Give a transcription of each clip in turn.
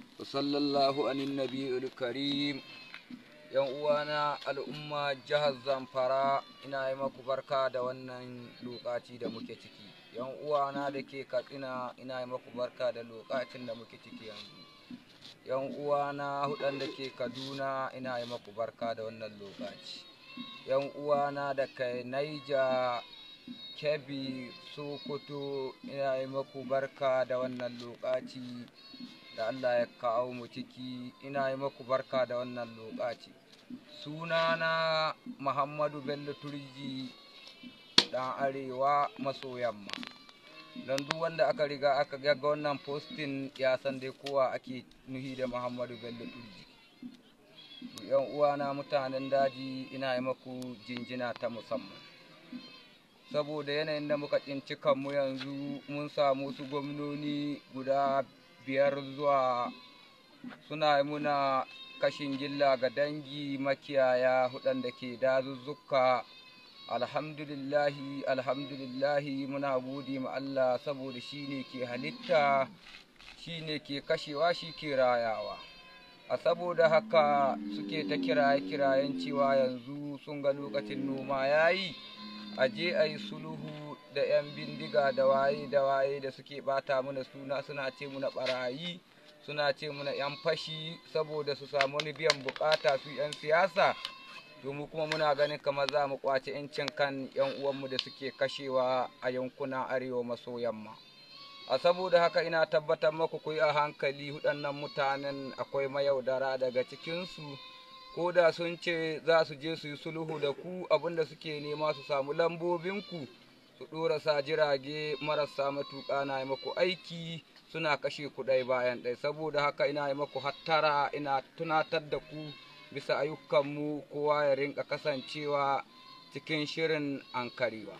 Sallallahu الله عن النبي الكريم yan uwana al'umma jihar zamfara ina yi maku barka da wannan lokaci da muke ciki yan uwana da ke katsina ina yi maku barka da lokacin da muke ciki yanzu yan uwana hudan da ke kaduna ina yi maku barka da wannan lokaci yan uwana da kai naija kebbi sokoto ina yi maku barka da wannan lokaci da Allah ya kawo mu ciki ina yi maku barka da wannan lokaci sunana Muhammadu Bello Turji dan arewa maso yamma don duk wanda aka riga aka ga wannan postin ya san dai kowa ake nuhi da Muhammadu Bello Turji yan uwana mutanen daji ina yi maku jinjina ta musamman saboda yanayin da muka tsinci kanmu yanzu mun samu su gwamnoni guda biyar zuwa suna muna kashin gilla ga dangi makiyaya hudanda ke dazuzzuka alhamdulillahi alhamdulillahi muna gode ma Allah saboda shi ne ke halitta shi ke kashewa shi ke rayawa a saboda haka suke ta kiraye-kirayen cewa yanzu sun ga lokacin noma yayi a je a yi sulhu da 'yan bindiga da waye da waye da suke bata mana suna suna ce muna barayi suna ce muna 'yan fashi saboda su samu wani biyan bukata su 'yan siyasa domin kuma muna ganin kamar za mu kwace 'yancin kan 'yan uwanmu da suke kashewa a yankunan arewa maso yamma a saboda haka ina tabbatar maku ku a hankali hudannan mutanen akwai mayaudara daga cikinsu ko da sun ce za su je su yi sulhu da ku abinda suke nema su samu lambobinku su ɗora sa jirage marasa matuƙa na yi maku aiki suna kashe ku ɗai bayan ɗai saboda haka ina yi maku hattara ina tunatar da ku bisa ayyukanmu kowa ya rinka kasancewa cikin shirin karewa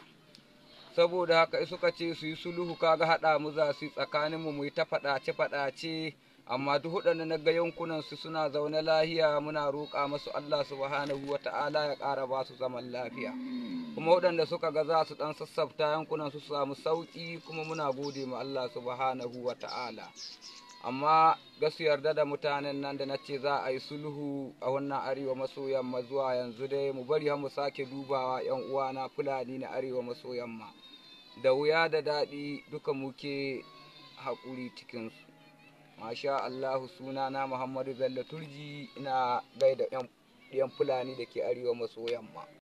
saboda haka suka ce su yi sulhu kaga haɗa mu za su yi tsakaninmu mu yi ta faɗace-faɗace amma duk waɗanda na ga yankunan su suna zaune lahiya muna roƙa masu Allah subhanahu wata'ala ya ƙara ba su zaman lafiya kuma waɗanda suka ga za su ɗan sassafta yankunan su samu sauki kuma muna gode ma Allah subhanahu wata'ala amma gasu yarda da mutanen nan da nace za a yi sulhu a wannan arewa maso yamma zuwa yanzu dai mu bari mu sake dubawa yan uwana fulani na arewa maso yamma da wuya da daɗi duka muke haƙuri cikinsu masha allahu suna na muhammadu bello turji ina gaida yan fulani da ke arewa maso yamma